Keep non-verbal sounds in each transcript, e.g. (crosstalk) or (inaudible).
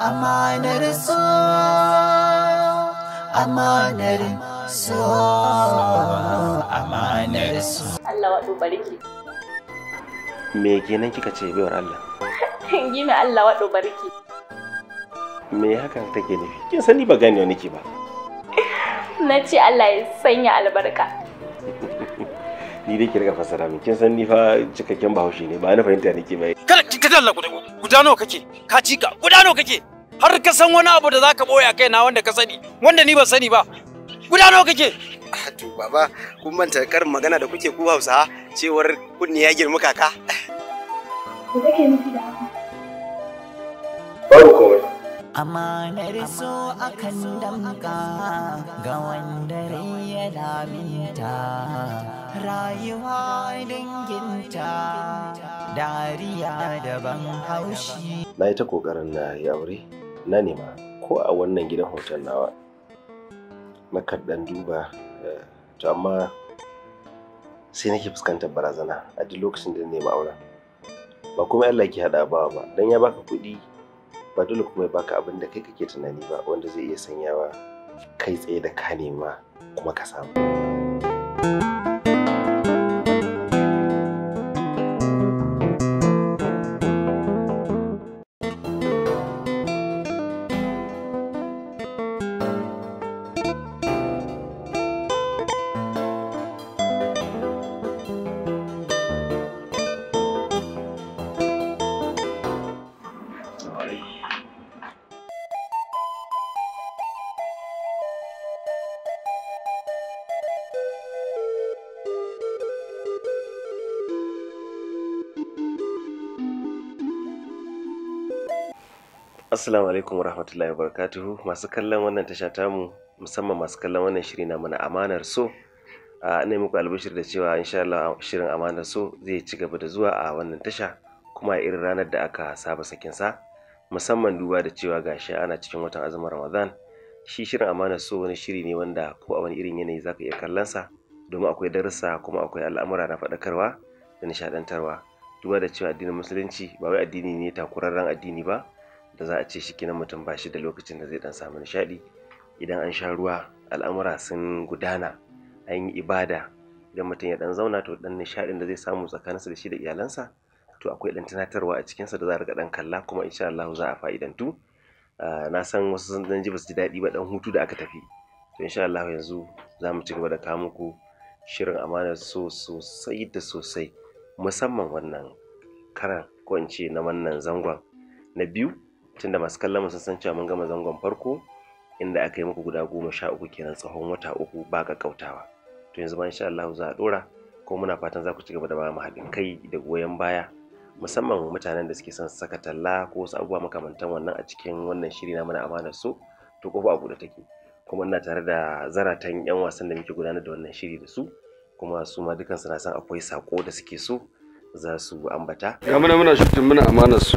amanar so amanar so amanar so Allah waɗo bariki. me kenan kika ce baiwar Allah gina Allah waɗo bariki. me hakan take nufi kin sani ba gane nake ba na ce Allah ya sanya albarka (laughs) ni dai ki riga fassara min kin san ni fa cikakken bahaushe ne ba na fahimta nake mai kada ki ta dalla ku guda nawa kake ka ci ka guda nawa kake har ka san wani abu da zaka boye kai na wanda ka sani wanda ni ban sani ba guda nawa kake ah, to baba kun manta karin magana da kuke ku Hausa cewar kunni ya girma kaka me da haka babu amanar so kan damka ga wanda rai ya rayuwa dariya na yi ta kokarin na yi aure na nema ko a wannan gidan hoton nawa na kaddan duba eh, to amma sai nake fuskantar barazana a duk lokacin da nema auren ba kuma Allah ke hada ba ba dan ya baka kuɗi ba dole kuma ya baka abin da kai kake tunani ba wanda zai iya sanyawa kai tsaye da ka nema kuma ka samu. Assalamu alaikum warahmatullahi wabarakatuhu masu kallon wannan tasha mu musamman masu kallon wannan shiri na mana amanar so a ne muku albishir da cewa insha Allah shirin amanar so zai ci gaba da zuwa a wannan tasha kuma a irin ranar da aka saba sakin sa musamman duba da cewa gashi ana cikin watan azumin Ramadan shi shirin amanar so wani shiri ne wanda ko a wani irin yanayi zaka iya kallon sa domin akwai darussa kuma akwai al'amura na faɗakarwa da nishadantarwa. duba da cewa addinin musulunci ba wai addini ne takurarren addini ba da za a ce shi kenan mutum ba shi da lokacin da zai dan samu nishaɗi idan an sha ruwa al'amura sun gudana an yi ibada idan mutum ya dan zauna to dan nishaɗin da zai samu tsakaninsa da shi da iyalansa to akwai dan tunatarwa a cikinsa da za a riga dan kalla kuma insha Allah za a fa'idantu ah, na san wasu sun dan ji ba su ji daɗi ba dan hutu da aka tafi to insha Allah yanzu za mu ci gaba da kawo muku shirin amana so sosai da sosai musamman wannan karan ko in na wannan zangon na biyu tunda masu kallon mu san cewa mun gama zangon farko inda aka yi muku guda goma sha uku kenan tsawon wata uku ba ka kautawa to yanzu ba insha Allah za a ɗora ko muna fatan za ku ci gaba da ba mu haɗin kai da goyon baya musamman mutanen da suke son saka talla ko wasu abubuwa makamantan wannan a cikin wannan shiri na mana amana su to kofa a buɗe take kuma ina tare da zaratan yan wasan da muke gudanar da wannan shiri da su kuma su ma dukan na san akwai sako da suke so za su ambata ga muna muna shutin muna amanar su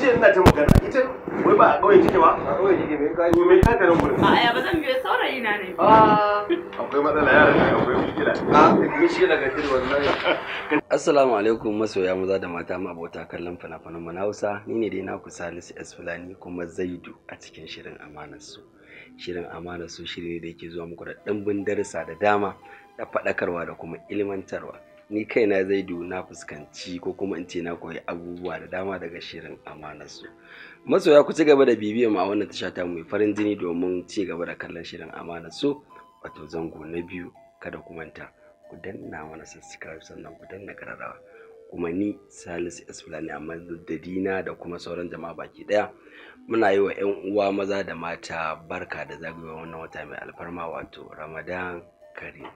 jiya ina ta magana ita wai ba a ƙauye take ba a ƙauye take mai kai mai kai da gurin a ya ba zan biyo saurayi na ne ah. akwai matsala yaran ne akwai mishkila a mishkila ga tir wallahi (laughs) assalamu alaikum masoya maza da mata ma abota kallon fina-finan mu na Hausa ni ne dai naku Salisu S Fulani kuma Zaidu a cikin shirin amanar su shirin amanar su shiri ne da yake zuwa muku da dimbin darussa da dama da faɗakarwa da kuma ilmantarwa ni kaina zai zaidu na fuskanci ko kuma in ce na koyi abubuwa da dama daga shirin amanarsu masoya ku ci gaba da bibiyan a wannan tasha ta mai farin jini domin ci gaba da kallon shirin amanarsu wato zango na biyu kada ku manta ku danna mana subscribe sannan ku danna kararrawa kuma ni Salisu S Fulani amma da Dina da kuma sauran jama'a baki daya muna yi wa 'yan uwa maza da mata barka da zagayowar wannan wata mai alfarma wato Ramadan Karim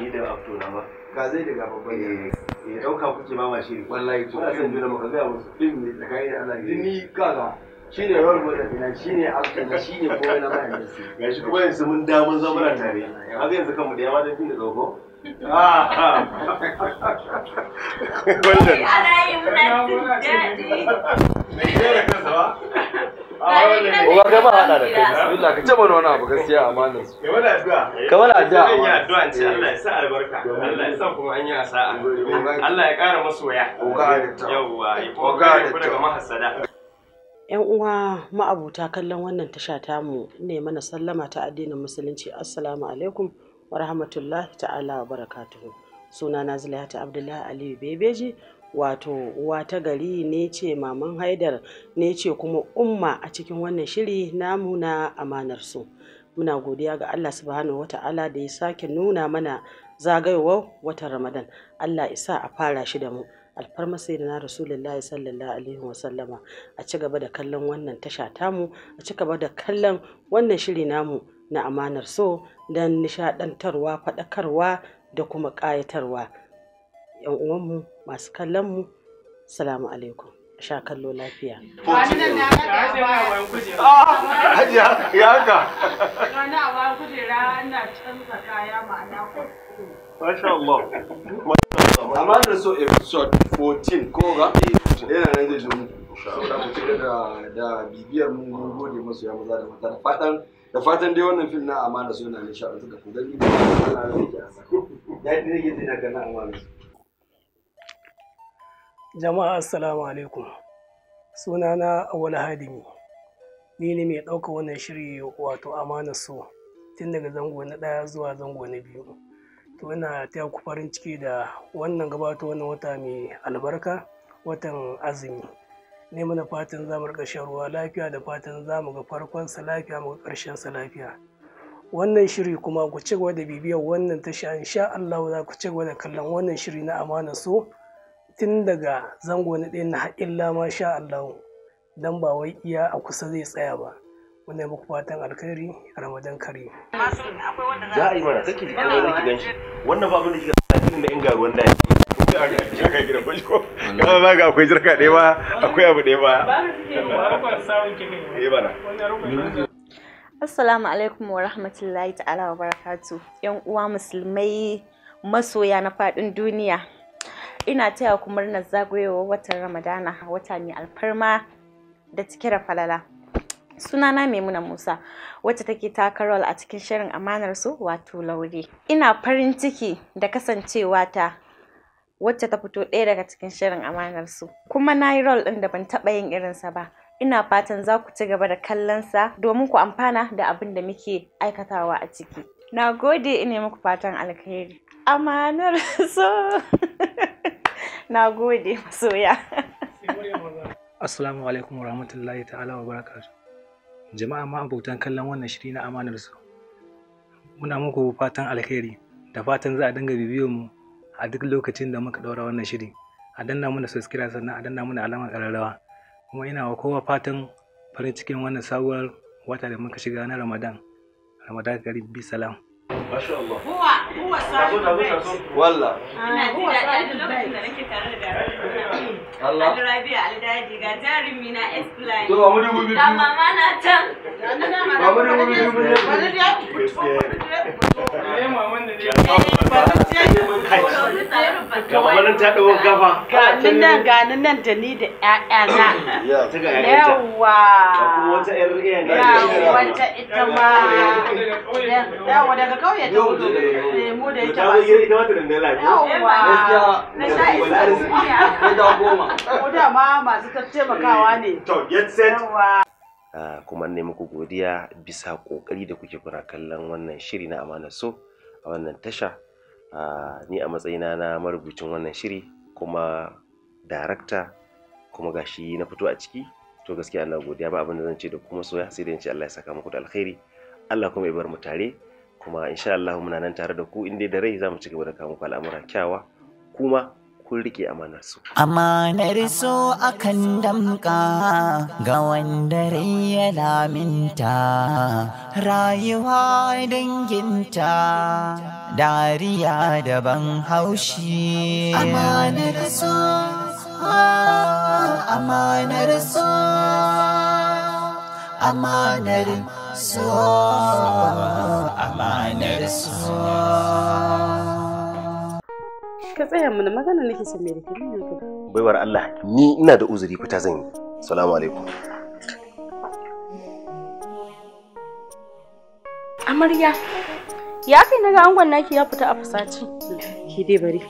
ni da abdu na ba ka zai daga babban ya dauka eh, eh, kuke ma mashi wallahi to kan juna maka ga wasu din ne tsakanin Allah ne ni kaga shine role model dina shine actor na shine na mai nasi gashi kuma yanzu mun da mun zama tare haka yanzu kanmu da yawa da fi da dogo Wannan. Ana yi muna jin daɗi. ba? Uwa kai ba hada da kai bismillah ka ce mana wani abu gaskiya amanin Ka mana addu'a. Ka Kamar addu'a. Zan yi addu'a ce Allah ya sa albarka. Allah ya sa kuma an yi asa'a. Allah ya kara masoya. Yawwa ya kuma daga mahasada. 'yan uwa ma'abuta kallon wannan tasha tamu ne mana sallama ta addinin musulunci assalamu alaikum wa rahmatullahi ta'ala wa barakatuhu sunana zulata abdullahi aliyu bebeji wato uwa ta gari ne ce maman haidar ne ce kuma umma a cikin wannan shiri namu na amanar su muna godiya ga allah subhanahu ala da ya sake nuna mana zagayowar watan ramadan allah isa a fara shi da mu alfarma sai da na rasulullahi sallallahu alaihi wasallama a ci gaba da kallon wannan tasha tamu a ci gaba da kallon wannan shiri namu na amanar so don nishadantarwa faɗakarwa da kuma ƙayatarwa yan uwanmu masu kallon mu salamu alaikum sha kallo lafiya da ya Amma da so episode 14 ko ga yana nan zai zo da bibiyar mu mun gode masu ya maza da mata da fatan dai wannan na amana so yana nishaɗantar da ku jama'a assalamu alaikum sunana awal hadimi ni ne mai ɗauka wannan shiri wato amana so tun daga zango na ɗaya zuwa zango na biyu to ina ta ku farin ciki da wannan gabato wannan wata mai albarka watan azumi ne mana fatan zamu rika shan ruwa lafiya da fatan zamu ga farkonsa lafiya mu ga ƙarshensa lafiya wannan shiri kuma ku ci gaba da bibiyar wannan in insha Allah za ku ci gaba da kallon wannan shiri na amana so tun daga zango na ɗaya na haƙin lama sha Allah dan ba wai iya a kusa zai tsaya ba wannan muku fatan alkhairi ramadan kare za a yi mana take da kuma zaki ganshi wannan ba abin da kika sani na ruwan da akwai jirka ɗaya ba, akwai abu ɗaya ba. Ba ba ba ba, ba ba ba ba ba ba Assalamu alaikum wa rahmatullahi ta'ala wa barakatu. ‘Yan uwa musulmai masoya na faɗin duniya. Ina taya ku murnar zagayowar watan Ramadana wata mai alfarma da cike da falala. Sunana Maimuna Musa wacce take taka rol a cikin shirin amanar su wato laure. Ina farin ciki da kasancewa ta wacce ta fito ɗaya daga cikin shirin amanar su. Kuma na yi rol ɗin da ban taɓa yin irinsa ba. ina fatan za ku ci gaba da kallon sa domin ku amfana da abin da muke aikatawa a ciki na gode ina muku fatan alkhairi amanar (laughs) so na gode masoya assalamu alaikum rahmatullahi ta'ala wa barakatuh jama'a ma abokan kallon wannan shiri na amanar su muna muku fatan alkhairi da fatan za a dinga bibiyo mu a duk lokacin da muka daura wannan shiri a danna muna subscribe sannan a danna muna alamar ƙararrawa. kuma ina wa kowa fatan farin cikin wannan sabuwar wata da muka shiga na Ramadan. Ramadan karim bi salam. Allah. Ah, ina ji lokacin da tare da Allah. mama na can. Eh, Gabanin ta ɗau gaba. Ganin nan ganin nan da ni da ƴaƴana. (coughs) Yawa. Wata ƴar riya ne. Wata ita ma. Yawa daga kauye ta wudu. Lemu eh, da yake ba. Ita ma ta Yawa. Na sha isa. Guda ma masu taimakawa ne. Eh, to, yet set. Yawa. Ah, kuma ne muku godiya bisa ƙoƙari da kuke kuna kallon wannan shiri na amana so a wannan tasha ah, ni a matsayina na marubucin wannan shiri kuma darakta kuma gashi na fito a ciki to gaskiya Allah godiya ba abin da zan ce da kuma soya sai dai in ce Allah ya saka muku da alkhairi Allah kuma ya bar mu tare kuma insha Allah muna nan tare da ku inda da rai za mu ci gaba da kawo muku al'amura kyawa kuma kun rike amanar su. Amanar so akan damka ga wanda rai ya laminta rayuwa danginta dariya daban haushi. Amanar so, amanar so, amanar so, amanar so. ka tsaya mana magana nake son mai rike ne ka baiwar Allah ni ina da uzuri fita zan yi assalamu alaikum amarya ya kai naga angon naki ya fita a fasaci ki dai bari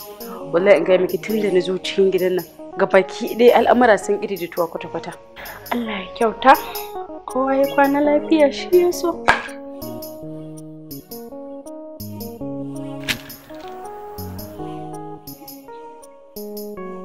wallahi in ga miki tun da na zo cikin gidan nan ga baki dai al'amura sun tuwa kwata-kwata Allah ya kyauta kowa ya kwana lafiya shi ya so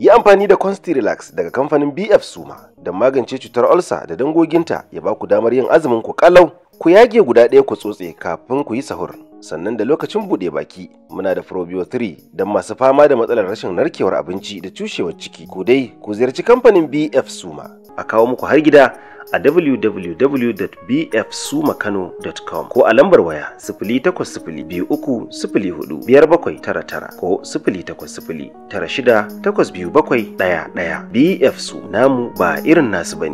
Yi amfani da Consti Relax daga kamfanin BF Suma don magance cutar olsa da dangoginta ya ba ku damar yin azumin ku kalau ku yage guda ɗaya ku tsotse kafin ku yi sahur. sannan da lokacin buɗe baki muna da probio 3 don masu fama da matsalar rashin narkewar abinci da cushewar ciki ku dai ku ziyarci kamfanin bf suma a kawo muku har gida a www.bfsumakano.com ko a lambar waya 08023045799 ko ɗaya. bf su namu ba irin nasu bane